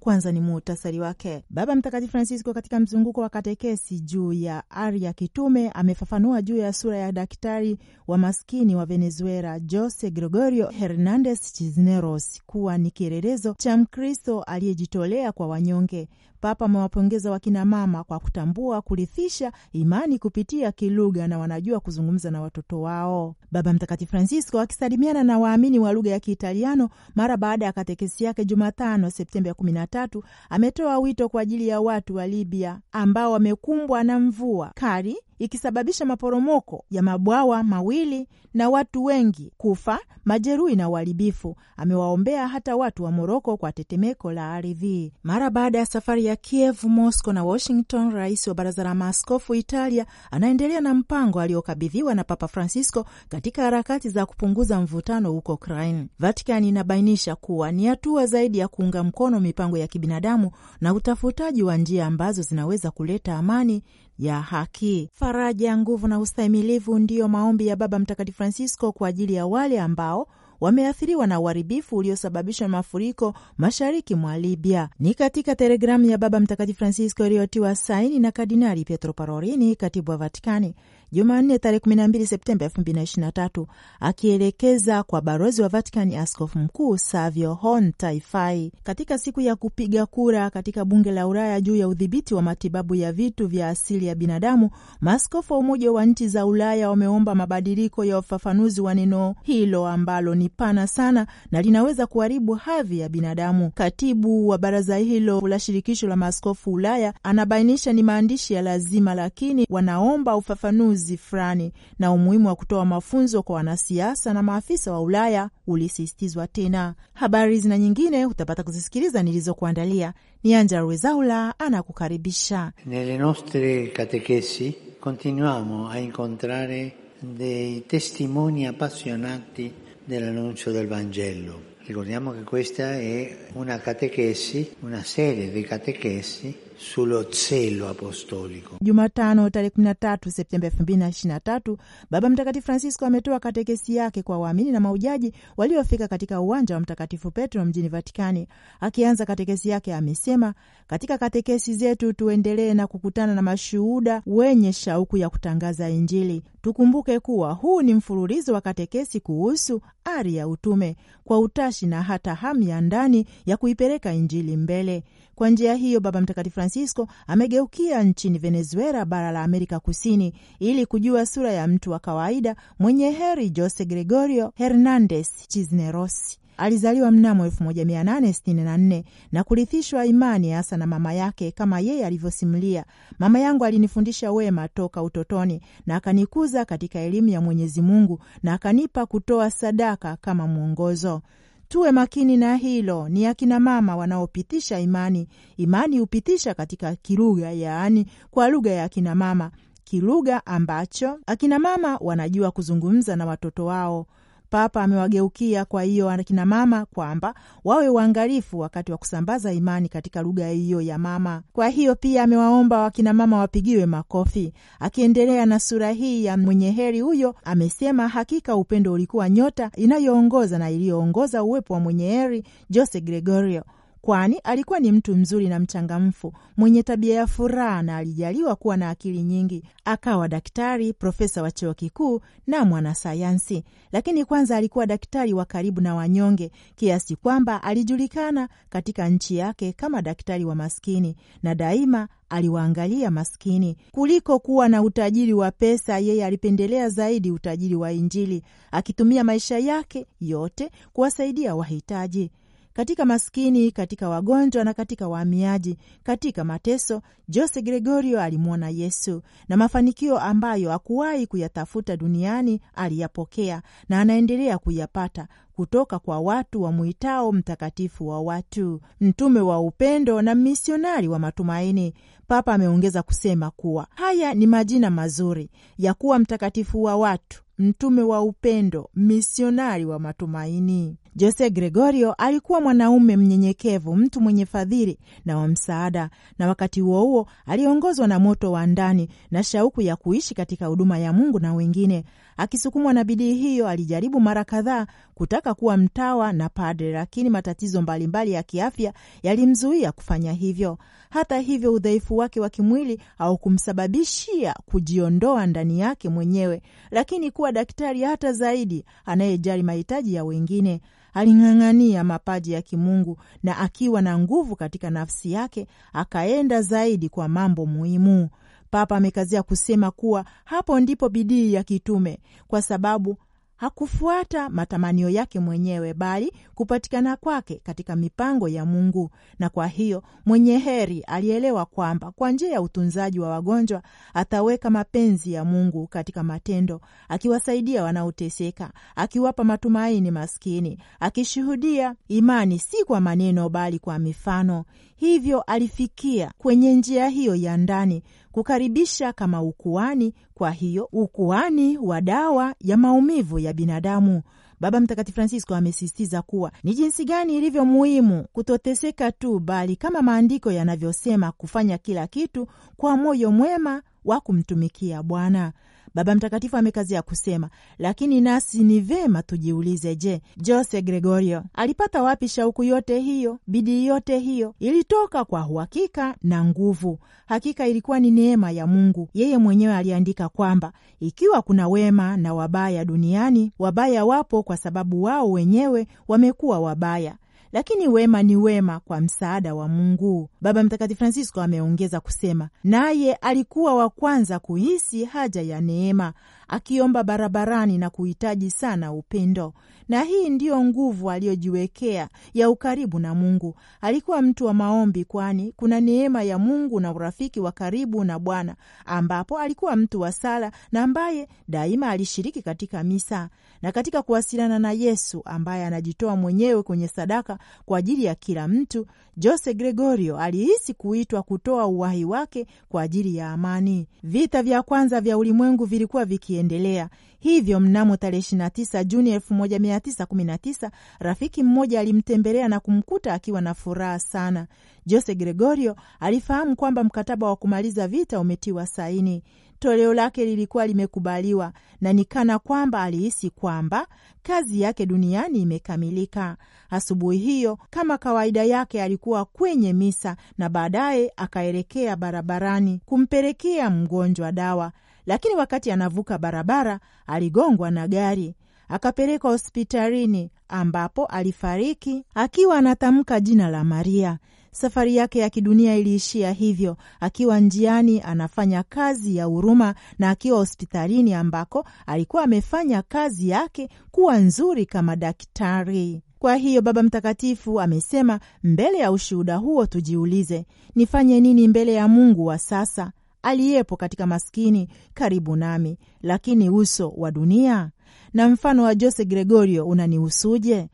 kwanza ni muhtasari wake. Baba Mtakatifu Francisco katika mzunguko wa katekesi juu ya ari ya kitume amefafanua juu ya sura ya daktari wa maskini wa Venezuela Jose Gregorio Hernandez Cisneros kuwa ni kielelezo cha Mkristo aliyejitolea kwa wanyonge Papa amewapongeza wakinamama kwa kutambua kurithisha imani kupitia kilugha na wanajua kuzungumza na watoto wao. Baba Mtakatifu Francisco akisalimiana na waamini wa lugha ya Kiitaliano mara baada ya katekesi yake Jumatano Septemba 13 ametoa wito kwa ajili ya watu wa Libya ambao wamekumbwa na mvua kali ikisababisha maporomoko ya mabwawa mawili na watu wengi kufa, majeruhi na uharibifu. Amewaombea hata watu wa Moroko kwa tetemeko la ardhi. Mara baada ya safari ya Kiev, Moscow na Washington, rais wa baraza la maaskofu Italia anaendelea na mpango aliokabidhiwa na Papa Francisco katika harakati za kupunguza mvutano huko Ukraine. Vatican inabainisha kuwa ni hatua zaidi ya kuunga mkono mipango ya kibinadamu na utafutaji wa njia ambazo zinaweza kuleta amani ya haki. Faraja, nguvu na ustahimilivu ndiyo maombi ya Baba Mtakatifu Francisco kwa ajili ya wale ambao wameathiriwa na uharibifu uliosababishwa na mafuriko mashariki mwa Libya. Ni katika telegramu ya Baba Mtakatifu Francisco iliyotiwa saini na Kardinali Pietro parorini katibu wa Vatikani, Jumanne tarehe 12 Septemba 2023 akielekeza kwa balozi wa Vatican askofu mkuu Savio Hon Taifai katika siku ya kupiga kura katika bunge la Ulaya juu ya udhibiti wa matibabu ya vitu vya asili ya binadamu, maaskofu wa Umoja wa Nchi za Ulaya wameomba mabadiliko ya ufafanuzi wa neno hilo ambalo ni pana sana na linaweza kuharibu hadhi ya binadamu. Katibu wa baraza hilo la shirikisho la maaskofu Ulaya anabainisha ni maandishi ya lazima, lakini wanaomba ufafanuzi uchaguzi fulani, na umuhimu wa kutoa mafunzo kwa wanasiasa na maafisa wa Ulaya ulisisitizwa tena. Habari zina nyingine utapata kuzisikiliza nilizokuandalia. Ni anja Rwezaula anakukaribisha. Nelle nostre katekesi continuamo a incontrare dei testimoni appassionati dell'annuncio del Vangelo. Ricordiamo che questa è una catechesi, una serie di catechesi sulo zelo apostoliko. Jumatano tarehe 13 Septemba 2023 Baba Mtakatifu Francisco ametoa katekesi yake kwa waamini na maujaji waliofika katika uwanja wa Mtakatifu Petro mjini Vatikani. Akianza katekesi yake amesema, katika katekesi zetu tuendelee na kukutana na mashuhuda wenye shauku ya kutangaza Injili. Tukumbuke kuwa huu ni mfululizo wa katekesi kuhusu ari ya utume kwa utashi na hata hamu ya ndani ya kuipeleka Injili mbele. Kwa njia hiyo, Baba Mtakatifu Francisco amegeukia nchini Venezuela, bara la Amerika Kusini, ili kujua sura ya mtu wa kawaida mwenye heri Jose Gregorio Hernandez Cisneros. Alizaliwa mnamo 1864 na kurithishwa imani hasa na mama yake, kama yeye alivyosimulia: mama yangu alinifundisha wema toka utotoni na akanikuza katika elimu ya Mwenyezi Mungu na akanipa kutoa sadaka kama mwongozo. Tuwe makini na hilo. Ni akina mama wanaopitisha imani. Imani hupitisha katika kilugha, yaani kwa lugha ya akina mama, kilugha ambacho akina mama wanajua kuzungumza na watoto wao. Papa amewageukia kwa hiyo akina mama kwamba wawe uangalifu wakati wa kusambaza imani katika lugha hiyo ya mama. Kwa hiyo pia amewaomba wakina mama wapigiwe makofi. Akiendelea na sura hii ya mwenye heri huyo, amesema hakika upendo ulikuwa nyota inayoongoza na iliyoongoza uwepo wa mwenye heri Jose Gregorio kwani alikuwa ni mtu mzuri na mchangamfu, mwenye tabia ya furaha na alijaliwa kuwa na akili nyingi. Akawa daktari, profesa wa chuo kikuu na mwanasayansi, lakini kwanza alikuwa daktari wa karibu na wanyonge, kiasi kwamba alijulikana katika nchi yake kama daktari wa maskini, na daima aliwaangalia maskini. Kuliko kuwa na utajiri wa pesa, yeye alipendelea zaidi utajiri wa Injili, akitumia maisha yake yote kuwasaidia wahitaji katika maskini, katika wagonjwa na katika wahamiaji. Katika mateso, Jose Gregorio alimwona Yesu, na mafanikio ambayo hakuwahi kuyatafuta duniani aliyapokea na anaendelea kuyapata kutoka kwa watu wa mwitao mtakatifu wa watu, mtume wa upendo na misionari wa matumaini. Papa ameongeza kusema kuwa haya ni majina mazuri ya kuwa mtakatifu wa watu mtume wa upendo, misionari wa matumaini. Jose Gregorio alikuwa mwanaume mnyenyekevu, mtu mwenye fadhili na wa msaada, na wakati huo huo aliongozwa na moto wa ndani na shauku ya kuishi katika huduma ya Mungu na wengine, Akisukumwa na bidii hiyo, alijaribu mara kadhaa kutaka kuwa mtawa na padre, lakini matatizo mbalimbali mbali ya kiafya yalimzuia kufanya hivyo. Hata hivyo, udhaifu wake wa kimwili haukumsababishia kujiondoa ndani yake mwenyewe, lakini kuwa daktari hata zaidi anayejali mahitaji ya wengine. Aling'ang'ania mapaji ya kimungu na akiwa na nguvu katika nafsi yake akaenda zaidi kwa mambo muhimu. Papa amekazia kusema kuwa hapo ndipo bidii ya kitume, kwa sababu hakufuata matamanio yake mwenyewe bali kupatikana kwake katika mipango ya Mungu. Na kwa hiyo mwenye heri alielewa kwamba kwa njia ya utunzaji wa wagonjwa ataweka mapenzi ya Mungu katika matendo, akiwasaidia wanaoteseka, akiwapa matumaini maskini, akishuhudia imani si kwa maneno bali kwa mifano hivyo alifikia kwenye njia hiyo ya ndani kukaribisha kama ukuani, kwa hiyo ukuani wa dawa ya maumivu ya binadamu. Baba Mtakatifu Francisco amesisitiza kuwa ni jinsi gani ilivyo muhimu kutoteseka tu, bali kama maandiko yanavyosema, kufanya kila kitu kwa moyo mwema wa kumtumikia Bwana. Baba Mtakatifu amekazia kusema, lakini nasi ni vema tujiulize, je, Jose Gregorio alipata wapi shauku yote hiyo, bidii yote hiyo? Ilitoka kwa uhakika na nguvu. Hakika ilikuwa ni neema ya Mungu. Yeye mwenyewe aliandika kwamba ikiwa kuna wema na wabaya duniani, wabaya wapo kwa sababu wao wenyewe wamekuwa wabaya lakini wema ni wema kwa msaada wa Mungu. Baba Mtakatifu Francisco ameongeza kusema, naye alikuwa wa kwanza kuhisi haja ya neema, akiomba barabarani na kuhitaji sana upendo, na hii ndiyo nguvu aliyojiwekea ya ukaribu na Mungu. Alikuwa mtu wa maombi, kwani kuna neema ya Mungu na urafiki wa karibu na Bwana, ambapo alikuwa mtu wa sala na ambaye daima alishiriki katika misa na katika kuwasiliana na Yesu ambaye anajitoa mwenyewe kwenye sadaka kwa ajili ya kila mtu, Jose Gregorio alihisi kuitwa kutoa uwahi wake kwa ajili ya amani. Vita vya kwanza vya ulimwengu vilikuwa vikiendelea. Hivyo mnamo tarehe 29 Juni 1919 rafiki mmoja alimtembelea na kumkuta akiwa na furaha sana. Jose Gregorio alifahamu kwamba mkataba wa kumaliza vita umetiwa saini toleo lake lilikuwa limekubaliwa na ni kana kwamba alihisi kwamba kazi yake duniani imekamilika. Asubuhi hiyo kama kawaida yake alikuwa kwenye misa na baadaye akaelekea barabarani kumpelekea mgonjwa dawa, lakini wakati anavuka barabara aligongwa na gari akapelekwa hospitalini ambapo alifariki akiwa anatamka jina la Maria Safari yake ya kidunia iliishia hivyo, akiwa njiani anafanya kazi ya huruma na akiwa hospitalini ambako alikuwa amefanya kazi yake kuwa nzuri kama daktari. Kwa hiyo Baba Mtakatifu amesema, mbele ya ushuhuda huo tujiulize, nifanye nini mbele ya Mungu wa sasa aliyepo katika maskini karibu nami, lakini uso wa dunia? Na mfano wa Jose Gregorio unanihusuje?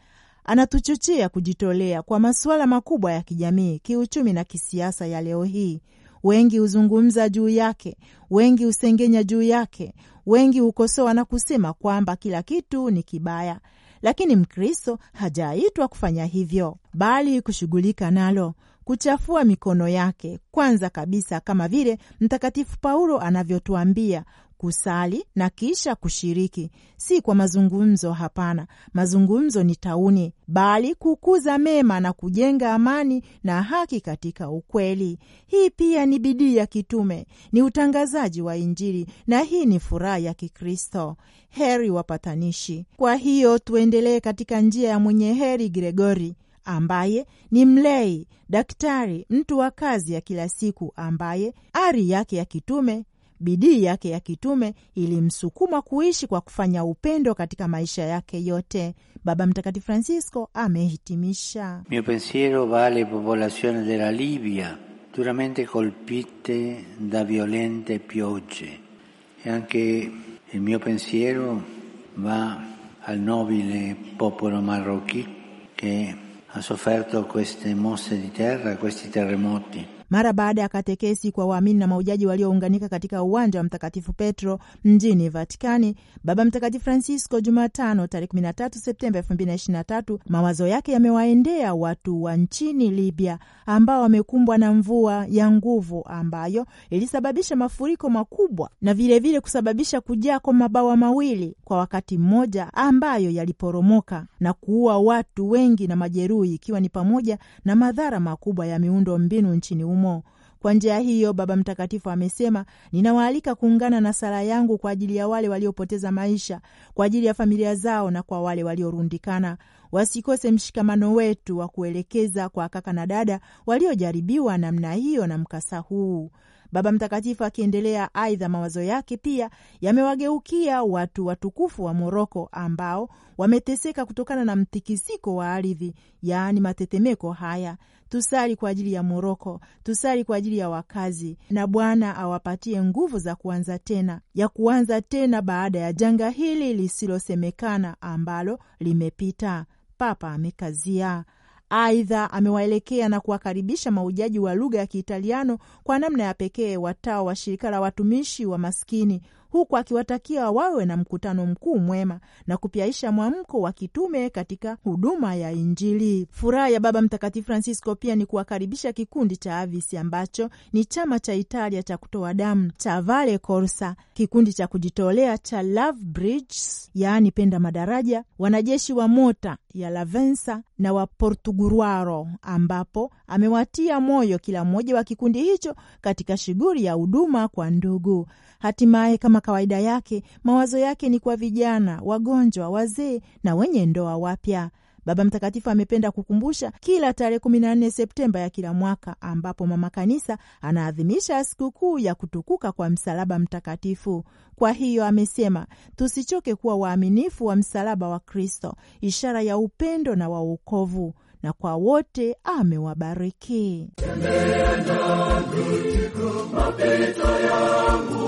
anatuchochea kujitolea kwa masuala makubwa ya kijamii, kiuchumi na kisiasa ya leo hii. Wengi huzungumza juu yake, wengi husengenya juu yake, wengi hukosoa na kusema kwamba kila kitu ni kibaya, lakini Mkristo hajaitwa kufanya hivyo, bali kushughulika nalo, kuchafua mikono yake kwanza kabisa, kama vile Mtakatifu Paulo anavyotuambia kusali na kisha kushiriki, si kwa mazungumzo. Hapana, mazungumzo ni tauni, bali kukuza mema na kujenga amani na haki katika ukweli. Hii pia ni bidii ya kitume, ni utangazaji wa Injili, na hii ni furaha ya Kikristo. Heri wapatanishi! Kwa hiyo tuendelee katika njia ya mwenye heri Gregori ambaye ni mlei, daktari, mtu wa kazi ya kila siku, ambaye ari yake ya kitume Bidii yake ya kitume ilimsukuma kuishi kwa kufanya upendo katika maisha yake yote. Baba Mtakatifu Francisco amehitimisha: mio pensiero va alle popolazioni della Libia duramente colpite da violente piogge e anche il mio pensiero va al nobile popolo marocchino che ha sofferto queste mosse di terra, questi terremoti Mara baada ya katekesi kwa waamini na maujaji waliounganika katika uwanja wa Mtakatifu Petro mjini Vatikani, Baba Mtakatifu Francisco Jumatano tarehe 13 Septemba 2023 mawazo yake yamewaendea watu wa nchini Libya ambao wamekumbwa na mvua ya nguvu ambayo ilisababisha mafuriko makubwa na vilevile vile kusababisha kujaa kwa mabawa mawili kwa wakati mmoja ambayo yaliporomoka na kuua watu wengi na majeruhi, ikiwa ni pamoja na madhara makubwa ya miundo mbinu nchini humo humo. Kwa njia hiyo, Baba Mtakatifu amesema, ninawaalika kuungana na sala yangu kwa ajili ya wale waliopoteza maisha, kwa ajili ya familia zao na kwa wale waliorundikana. Wasikose mshikamano wetu wa kuelekeza kwa kaka na dada waliojaribiwa namna hiyo na mkasa huu. Baba Mtakatifu akiendelea, aidha mawazo yake pia yamewageukia watu watukufu wa Moroko ambao wameteseka kutokana na mtikisiko wa ardhi, yaani matetemeko haya. Tusali kwa ajili ya Moroko, tusali kwa ajili ya wakazi, na Bwana awapatie nguvu za kuanza tena, ya kuanza tena baada ya janga hili lisilosemekana ambalo limepita. Papa amekazia Aidha, amewaelekea na kuwakaribisha maujaji wa lugha ya Kiitaliano kwa namna ya pekee watao wa shirika la watumishi wa maskini huku akiwatakia wawe na mkutano mkuu mwema na kupyaisha mwamko wa kitume katika huduma ya Injili. Furaha ya Baba Mtakatifu Francisco pia ni kuwakaribisha kikundi cha avis ambacho ni chama cha Italia cha kutoa damu cha Vale Corsa, kikundi cha kujitolea cha Love Bridges, yaani penda madaraja, wanajeshi wa mota ya Lavensa na wa Portuguruaro, ambapo amewatia moyo kila mmoja wa kikundi hicho katika shughuli ya huduma kwa ndugu. Hatimaye kama kawaida yake mawazo yake ni kwa vijana, wagonjwa, wazee na wenye ndoa wapya. Baba Mtakatifu amependa kukumbusha kila tarehe 14 Septemba ya kila mwaka ambapo Mama Kanisa anaadhimisha sikukuu ya kutukuka kwa msalaba mtakatifu. Kwa hiyo amesema tusichoke kuwa waaminifu wa msalaba wa Kristo, ishara ya upendo na wa wokovu, na kwa wote amewabariki. Tembea na mapito yangu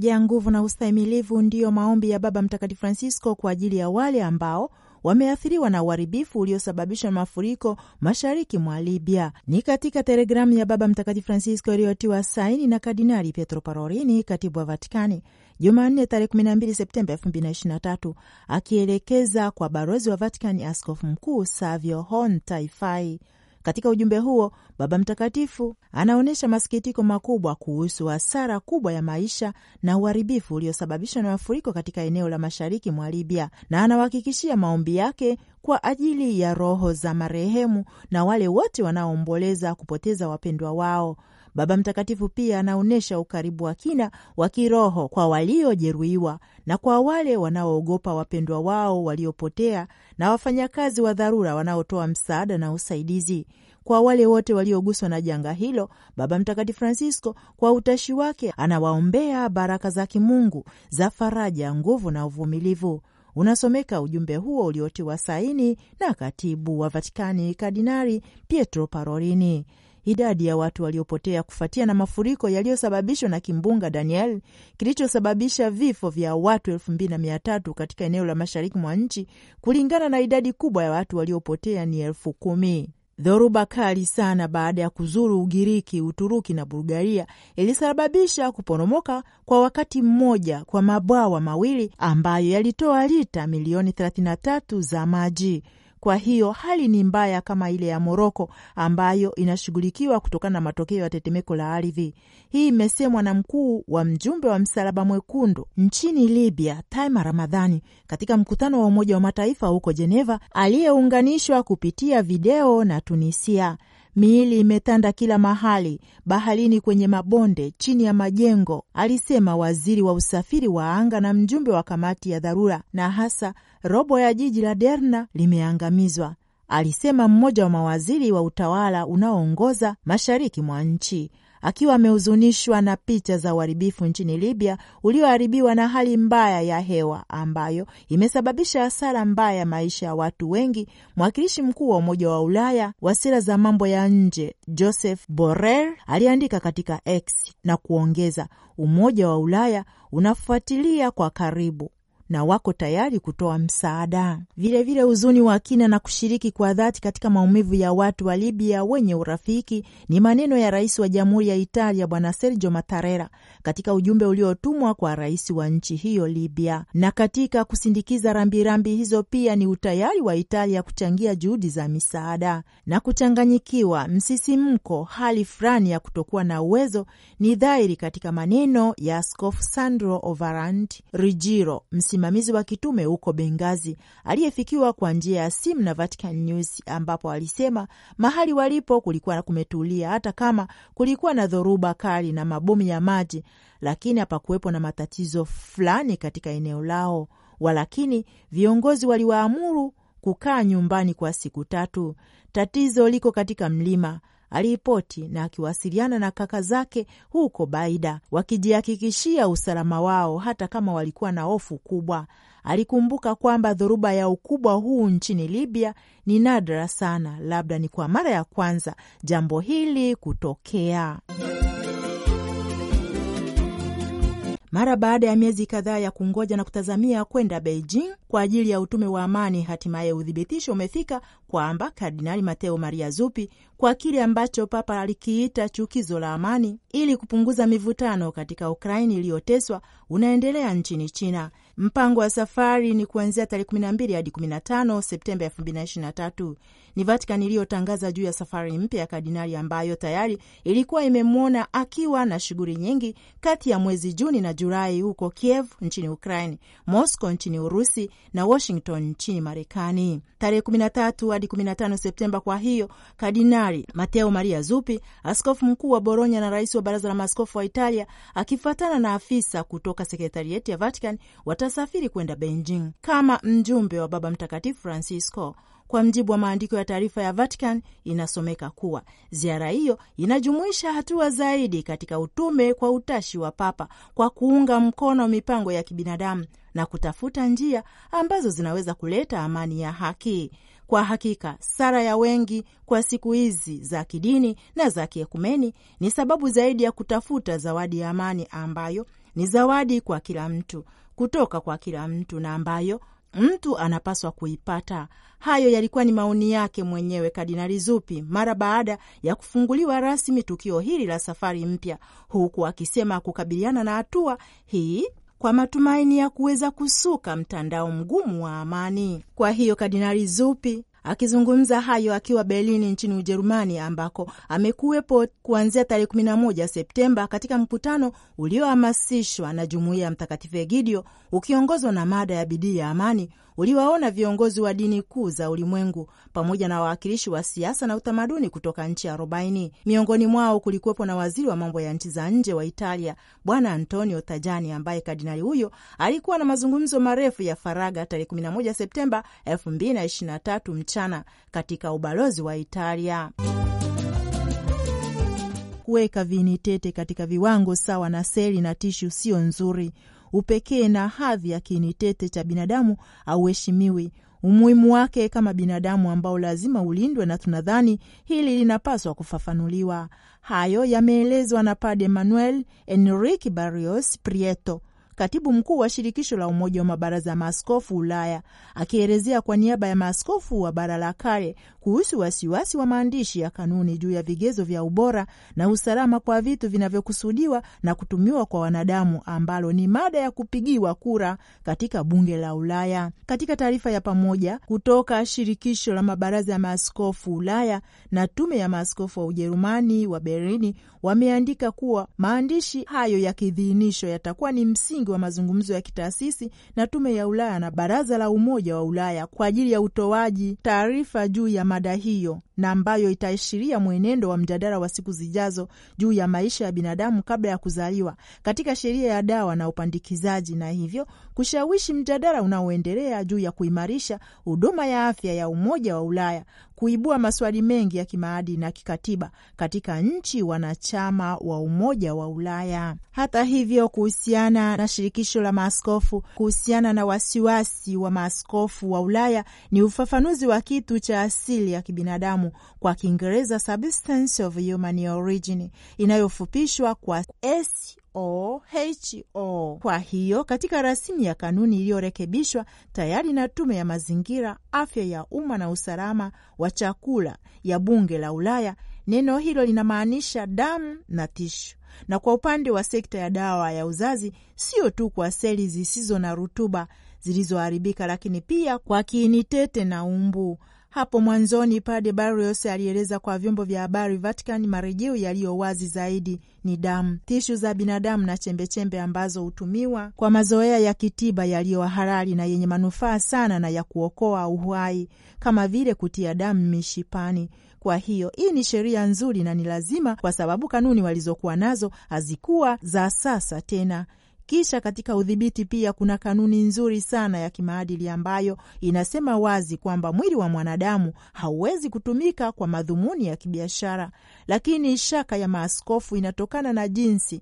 faraja, nguvu na ustahimilivu ndiyo maombi ya Baba Mtakatifu Francisco kwa ajili ya wale ambao wameathiriwa na uharibifu uliosababishwa na mafuriko mashariki mwa Libya. Ni katika telegramu ya Baba Mtakatifu Francisco iliyotiwa saini na Kardinali Pietro Parolini, katibu wa Vatikani, Jumanne tarehe 12 Septemba 2023, akielekeza kwa balozi wa Vatikani, askofu mkuu Savio Hon Taifai. Katika ujumbe huo Baba Mtakatifu anaonyesha masikitiko makubwa kuhusu hasara kubwa ya maisha na uharibifu uliosababishwa na mafuriko katika eneo la mashariki mwa Libya, na anawahakikishia maombi yake kwa ajili ya roho za marehemu na wale wote wanaoomboleza kupoteza wapendwa wao. Baba Mtakatifu pia anaonyesha ukaribu wa kina wa kiroho kwa waliojeruhiwa na kwa wale wanaoogopa wapendwa wao waliopotea na wafanyakazi wa dharura wanaotoa msaada na usaidizi kwa wale wote walioguswa na janga hilo. Baba Mtakatifu Francisco kwa utashi wake anawaombea baraka za kimungu za faraja, nguvu na uvumilivu. Unasomeka ujumbe huo uliotiwa saini na katibu wa Vatikani Kardinari Pietro Parolini. Idadi ya watu waliopotea kufuatia na mafuriko yaliyosababishwa na kimbunga Daniel kilichosababisha vifo vya watu elfu mbili na mia tatu katika eneo la mashariki mwa nchi, kulingana na idadi kubwa ya watu waliopotea ni elfu kumi. Dhoruba kali sana baada ya kuzuru Ugiriki, Uturuki na Bulgaria ilisababisha kuporomoka kwa wakati mmoja kwa mabwawa mawili ambayo yalitoa lita milioni 33 za maji kwa hiyo hali ni mbaya kama ile ya Moroko ambayo inashughulikiwa kutokana na matokeo ya tetemeko la ardhi. Hii imesemwa na mkuu wa mjumbe wa Msalaba Mwekundu nchini Libya, Taima Ramadhani, katika mkutano wa Umoja wa Mataifa huko Jeneva, aliyeunganishwa kupitia video na Tunisia. Miili imetanda kila mahali, baharini, kwenye mabonde, chini ya majengo, alisema waziri wa usafiri wa anga na mjumbe wa kamati ya dharura, na hasa robo ya jiji la Derna limeangamizwa, alisema mmoja wa mawaziri wa utawala unaoongoza mashariki mwa nchi akiwa amehuzunishwa na picha za uharibifu nchini Libya ulioharibiwa na hali mbaya ya hewa ambayo imesababisha hasara mbaya ya maisha ya watu wengi. Mwakilishi mkuu wa Umoja wa Ulaya wa sera za mambo ya nje Joseph Borrell aliandika katika X na kuongeza, Umoja wa Ulaya unafuatilia kwa karibu na wako tayari kutoa msaada. Vilevile huzuni wa kina na kushiriki kwa dhati katika maumivu ya watu wa Libya wenye urafiki ni maneno ya rais wa jamhuri ya Italia Bwana Sergio Mattarella katika ujumbe uliotumwa kwa rais wa nchi hiyo Libya. Na katika kusindikiza rambirambi hizo pia ni utayari wa Italia kuchangia juhudi za misaada na kuchanganyikiwa, msisimko, hali fulani ya kutokuwa na uwezo ni dhahiri katika maneno ya Askofu Sandro Ovarandi Ruggiero msimamizi wa kitume huko Bengazi aliyefikiwa kwa njia ya simu na Vatican News, ambapo alisema mahali walipo kulikuwa kumetulia, hata kama kulikuwa na dhoruba kali na mabomu ya maji, lakini hapakuwepo na matatizo fulani katika eneo lao. Walakini viongozi waliwaamuru kukaa nyumbani kwa siku tatu. Tatizo liko katika mlima aliripoti na akiwasiliana na kaka zake huko Baida, wakijihakikishia usalama wao hata kama walikuwa na hofu kubwa. Alikumbuka kwamba dhoruba ya ukubwa huu nchini Libya ni nadra sana, labda ni kwa mara ya kwanza jambo hili kutokea. Mara baada ya miezi kadhaa ya kungoja na kutazamia kwenda Beijing kwa ajili ya utume wa amani, hatimaye uthibitisho umefika kwamba Kardinali Mateo Maria Zuppi, kwa kile ambacho Papa alikiita chukizo la amani ili kupunguza mivutano katika Ukraini iliyoteswa, unaendelea nchini China. Mpango wa safari ni kuanzia tarehe 12 hadi 15 Septemba 2023. Ni Vatican iliyotangaza juu ya safari mpya ya kardinali ambayo tayari ilikuwa imemwona akiwa na shughuli nyingi kati ya mwezi Juni na Julai huko Kiev nchini Ukraine, Moscow nchini Urusi na Washington nchini Marekani tarehe 13 hadi 15 Septemba. Kwa hiyo Kardinali Mateo Maria Zuppi, askofu mkuu wa Bologna na rais wa baraza la maaskofu wa Italia, akifuatana na afisa kutoka sekretarieti ya Vatican watasafiri kwenda Beijing kama mjumbe wa Baba Mtakatifu Francisco. Kwa mjibu wa maandiko ya taarifa ya Vatican, inasomeka kuwa ziara hiyo inajumuisha hatua zaidi katika utume kwa utashi wa Papa kwa kuunga mkono mipango ya kibinadamu na kutafuta njia ambazo zinaweza kuleta amani ya haki. Kwa hakika sara ya wengi kwa siku hizi za kidini na za kiekumeni ni sababu zaidi ya kutafuta zawadi ya amani ambayo ni zawadi kwa kila mtu kutoka kwa kila mtu na ambayo mtu anapaswa kuipata. Hayo yalikuwa ni maoni yake mwenyewe Kardinali Zuppi mara baada ya kufunguliwa rasmi tukio hili la safari mpya, huku akisema kukabiliana na hatua hii kwa matumaini ya kuweza kusuka mtandao mgumu wa amani. Kwa hiyo Kardinali Zuppi Akizungumza hayo akiwa Berlin nchini Ujerumani, ambako amekuwepo kuanzia tarehe 11 Septemba katika mkutano uliohamasishwa na Jumuiya ya Mtakatifu Egidio ukiongozwa na mada ya bidii ya amani uliwaona viongozi wa dini kuu za ulimwengu pamoja na wawakilishi wa siasa na utamaduni kutoka nchi arobaini. Miongoni mwao kulikuwepo na waziri wa mambo ya nchi za nje wa Italia, Bwana Antonio Tajani, ambaye kardinali huyo alikuwa na mazungumzo marefu ya faraga tarehe 11 Septemba 2023 mchana katika ubalozi wa Italia kuweka viini tete katika viwango sawa na seli na tishu sio nzuri upekee na hadhi ya tete cha binadamu auheshimiwi umuhimu wake kama binadamu ambao lazima ulindwe, na tunadhani hili linapaswa kufafanuliwa. Hayo yameelezwa na Padre Manuel Enrique Barrios Prieto, katibu mkuu wa shirikisho la umoja wa mabaraza ya maaskofu Ulaya, akielezea kwa niaba ya maaskofu wa bara la kale kuhusu wasiwasi wa maandishi ya kanuni juu ya vigezo vya ubora na usalama kwa vitu vinavyokusudiwa na kutumiwa kwa wanadamu, ambalo ni mada ya kupigiwa kura katika bunge la Ulaya. Katika taarifa ya pamoja kutoka shirikisho la mabaraza ya maaskofu Ulaya na tume ya maaskofu wa Ujerumani wa Berlini, wameandika kuwa maandishi hayo ya kidhiinisho yatakuwa ni msingi msingi wa mazungumzo ya kitaasisi na Tume ya Ulaya na Baraza la Umoja wa Ulaya kwa ajili ya utoaji taarifa juu ya mada hiyo na ambayo itaashiria mwenendo wa mjadala wa siku zijazo juu ya maisha ya binadamu kabla ya kuzaliwa katika sheria ya dawa na upandikizaji, na hivyo kushawishi mjadala unaoendelea juu ya kuimarisha huduma ya afya ya Umoja wa Ulaya kuibua maswali mengi ya kimaadili na kikatiba katika nchi wanachama wa Umoja wa Ulaya. Hata hivyo, kuhusiana na shirikisho la maaskofu, kuhusiana na wasiwasi wa maaskofu wa Ulaya ni ufafanuzi wa kitu cha asili ya kibinadamu, kwa Kiingereza substance of human origin, inayofupishwa kwa S OHO. Kwa hiyo katika rasimu ya kanuni iliyorekebishwa tayari na Tume ya Mazingira, Afya ya Umma na Usalama wa Chakula ya Bunge la Ulaya, neno hilo linamaanisha damu na tishu. Na kwa upande wa sekta ya dawa ya uzazi, sio tu kwa seli zisizo na rutuba zilizoharibika, lakini pia kwa kiinitete na umbu hapo mwanzoni, Pade Barrios alieleza kwa vyombo vya habari Vatican marejeo yaliyo wazi zaidi ni damu, tishu za binadamu na chembechembe ambazo hutumiwa kwa mazoea ya kitiba yaliyo halali na yenye manufaa sana na ya kuokoa uhai, kama vile kutia damu mishipani. Kwa hiyo hii ni sheria nzuri na ni lazima, kwa sababu kanuni walizokuwa nazo hazikuwa za sasa tena. Kisha katika udhibiti pia kuna kanuni nzuri sana ya kimaadili ambayo inasema wazi kwamba mwili wa mwanadamu hauwezi kutumika kwa madhumuni ya kibiashara, lakini shaka ya maaskofu inatokana na jinsi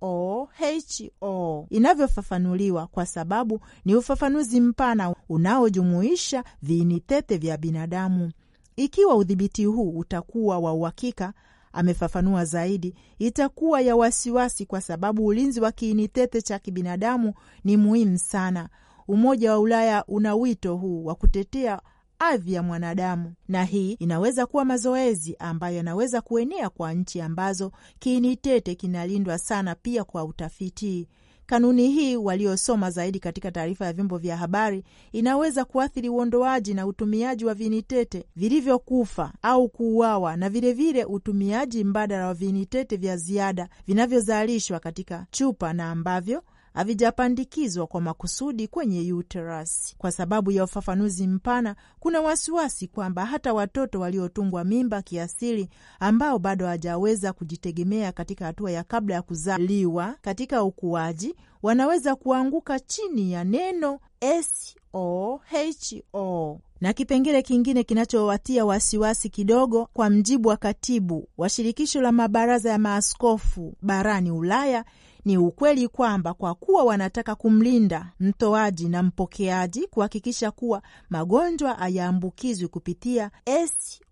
SOHO inavyofafanuliwa kwa sababu ni ufafanuzi mpana unaojumuisha viini tete vya binadamu. Ikiwa udhibiti huu utakuwa wa uhakika, Amefafanua zaidi, itakuwa ya wasiwasi kwa sababu ulinzi wa kiini tete cha kibinadamu ni muhimu sana. Umoja wa Ulaya una wito huu wa kutetea ardhi ya mwanadamu, na hii inaweza kuwa mazoezi ambayo yanaweza kuenea kwa nchi ambazo kiini tete kinalindwa sana, pia kwa utafiti Kanuni hii waliosoma zaidi katika taarifa ya vyombo vya habari inaweza kuathiri uondoaji na utumiaji wa viinitete vilivyokufa au kuuawa na vilevile vile utumiaji mbadala wa viinitete vya ziada vinavyozalishwa katika chupa na ambavyo havijapandikizwa kwa makusudi kwenye uterus. Kwa sababu ya ufafanuzi mpana, kuna wasiwasi kwamba hata watoto waliotungwa mimba kiasili ambao bado hawajaweza kujitegemea katika hatua ya kabla ya kuzaliwa katika ukuaji wanaweza kuanguka chini ya neno SOHO. Na kipengele kingine kinachowatia wasiwasi kidogo, kwa mjibu wa katibu wa shirikisho la mabaraza ya maaskofu barani Ulaya, ni ukweli kwamba kwa kuwa wanataka kumlinda mtoaji na mpokeaji kuhakikisha kuwa magonjwa hayaambukizwi kupitia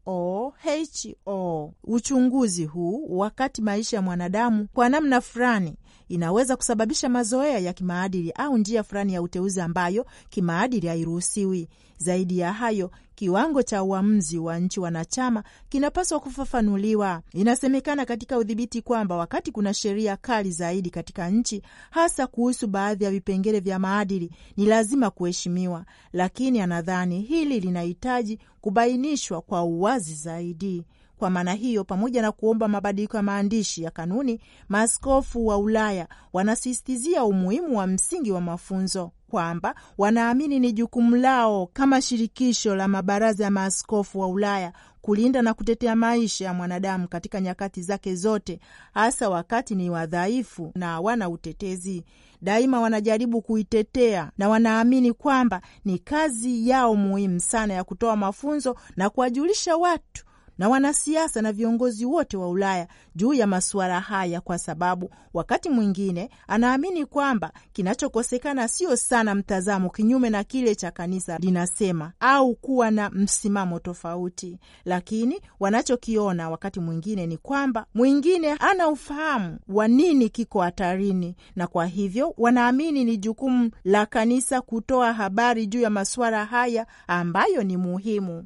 SOHO. Uchunguzi huu wakati maisha ya mwanadamu kwa namna fulani inaweza kusababisha mazoea ya kimaadili au njia fulani ya uteuzi ambayo kimaadili hairuhusiwi. Zaidi ya hayo, kiwango cha uamuzi wa nchi wanachama kinapaswa kufafanuliwa. Inasemekana katika udhibiti kwamba wakati kuna sheria kali zaidi katika nchi, hasa kuhusu baadhi ya vipengele vya maadili, ni lazima kuheshimiwa, lakini anadhani hili linahitaji kubainishwa kwa uwazi zaidi. Kwa maana hiyo, pamoja na kuomba mabadiliko ya maandishi ya kanuni, maaskofu wa Ulaya wanasisitizia umuhimu wa msingi wa mafunzo kwamba wanaamini ni jukumu lao kama shirikisho la mabaraza ya maaskofu wa Ulaya kulinda na kutetea maisha ya mwanadamu katika nyakati zake zote, hasa wakati ni wadhaifu na hawana utetezi. Daima wanajaribu kuitetea na wanaamini kwamba ni kazi yao muhimu sana ya kutoa mafunzo na kuwajulisha watu na wanasiasa na viongozi wote wa Ulaya juu ya masuala haya, kwa sababu wakati mwingine anaamini kwamba kinachokosekana sio sana mtazamo kinyume na kile cha kanisa linasema au kuwa na msimamo tofauti, lakini wanachokiona wakati mwingine ni kwamba mwingine ana ufahamu wa nini kiko hatarini, na kwa hivyo wanaamini ni jukumu la kanisa kutoa habari juu ya masuala haya ambayo ni muhimu.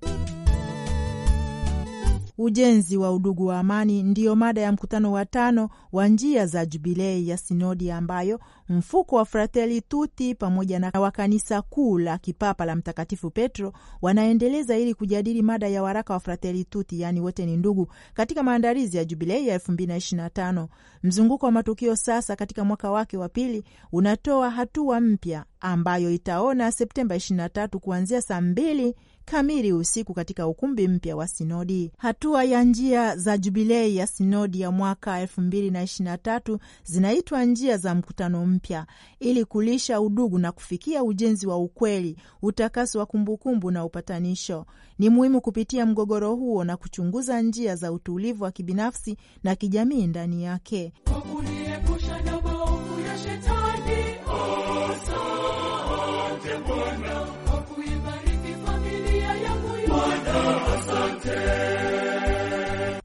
Ujenzi wa udugu wa amani ndiyo mada ya mkutano wa tano wa njia za jubilei ya sinodi ambayo mfuko wa Fratelli Tutti pamoja na wakanisa kuu la kipapa la Mtakatifu Petro wanaendeleza ili kujadili mada ya waraka wa Fratelli Tutti, yaani wote ni ndugu, katika maandalizi ya jubilei ya elfu mbili na na tano. Mzunguko wa matukio sasa katika mwaka wake wa pili unatoa hatua mpya ambayo itaona Septemba 23 kuanzia saa mbili kamili usiku katika ukumbi mpya wa sinodi. Hatua ya njia za jubilei ya sinodi ya mwaka 2023 zinaitwa njia za mkutano mpya, ili kulisha udugu na kufikia ujenzi wa ukweli, utakaso wa kumbukumbu na upatanisho. Ni muhimu kupitia mgogoro huo na kuchunguza njia za utulivu wa kibinafsi na kijamii ndani yake.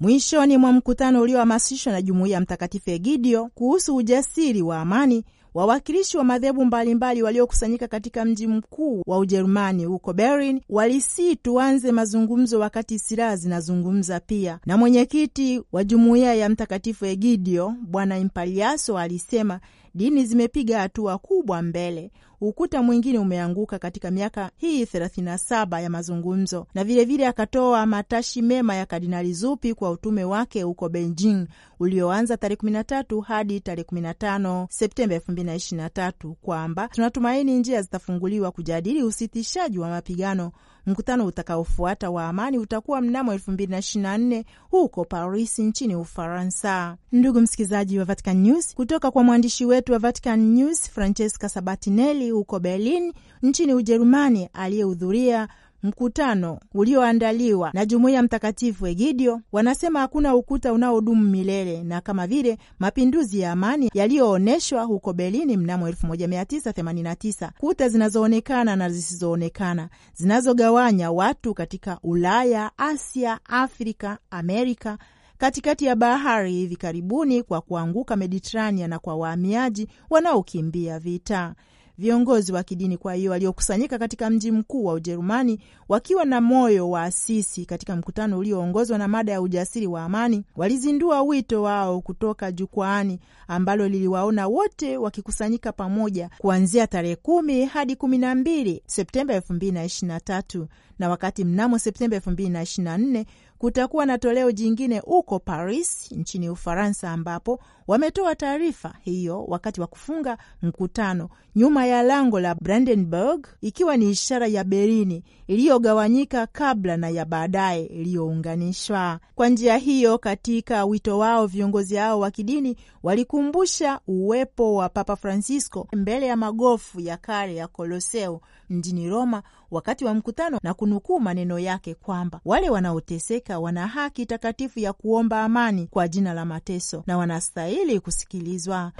Mwishoni mwa mkutano uliohamasishwa na Jumuiya Mtakatifu Egidio kuhusu ujasiri wa amani, wawakilishi wa madhehebu mbalimbali waliokusanyika katika mji mkuu wa Ujerumani huko Berlin walisii tuanze mazungumzo wakati silaha zinazungumza pia. Na mwenyekiti wa Jumuiya ya Mtakatifu Egidio Bwana Impaliaso alisema dini zimepiga hatua kubwa mbele. Ukuta mwingine umeanguka katika miaka hii 37 ya mazungumzo, na vilevile akatoa matashi mema ya Kardinali Zuppi kwa utume wake huko Beijing ulioanza tarehe 13 hadi tarehe 15 Septemba 2023 kwamba tunatumaini njia zitafunguliwa kujadili usitishaji wa mapigano Mkutano utakaofuata wa amani utakuwa mnamo 2024 huko Paris nchini Ufaransa. Ndugu msikilizaji wa Vatican News, kutoka kwa mwandishi wetu wa Vatican News Francesca Sabatinelli huko Berlin nchini Ujerumani aliyehudhuria Mkutano ulioandaliwa na Jumuiya Mtakatifu Egidio wanasema hakuna ukuta unaodumu milele, na kama vile mapinduzi ya amani yaliyoonyeshwa huko Berlini mnamo 1989 kuta zinazoonekana na zisizoonekana zinazogawanya watu katika Ulaya, Asia, Afrika, Amerika katikati ya bahari hivi karibuni kwa kuanguka Mediterania na kwa wahamiaji wanaokimbia vita. Viongozi wa kidini kwa hiyo waliokusanyika katika mji mkuu wa Ujerumani wakiwa na moyo wa asisi, katika mkutano ulioongozwa na mada ya ujasiri wa amani, walizindua wito wao kutoka jukwaani ambalo liliwaona wote wakikusanyika pamoja kuanzia tarehe kumi hadi kumi na mbili Septemba elfu mbili na ishirini na tatu na wakati mnamo Septemba elfu mbili na ishirini na nne kutakuwa na toleo jingine huko Paris nchini Ufaransa, ambapo wametoa taarifa hiyo wakati wa kufunga mkutano nyuma ya lango la Brandenburg, ikiwa ni ishara ya Berlini iliyogawanyika kabla na ya baadaye iliyounganishwa. Kwa njia hiyo, katika wito wao, viongozi hao wa kidini walikumbusha uwepo wa Papa Francisco mbele ya magofu ya kale ya Koloseo mjini Roma wakati wa mkutano na kunukuu maneno yake kwamba wale wanaoteseka wana haki takatifu ya kuomba amani kwa jina la mateso na wanastahili kusikilizwa.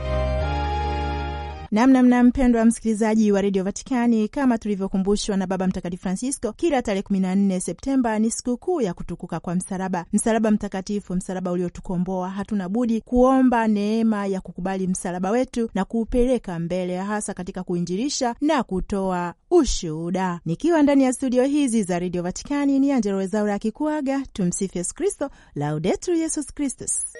Namnamna mpendwa msikilizaji wa redio Vatikani, kama tulivyokumbushwa na Baba Mtakatifu Francisco, kila tarehe 14 Septemba ni sikukuu ya kutukuka kwa msalaba, msalaba mtakatifu, msalaba uliotukomboa. Hatuna budi kuomba neema ya kukubali msalaba wetu na kuupeleka mbele, hasa katika kuinjirisha na kutoa ushuhuda. Nikiwa ndani ya studio hizi za redio Vatikani, ni Angelo Wezaura akikuaga. Tumsifu Yesu Kristo, Laudetur Yesus Kristus.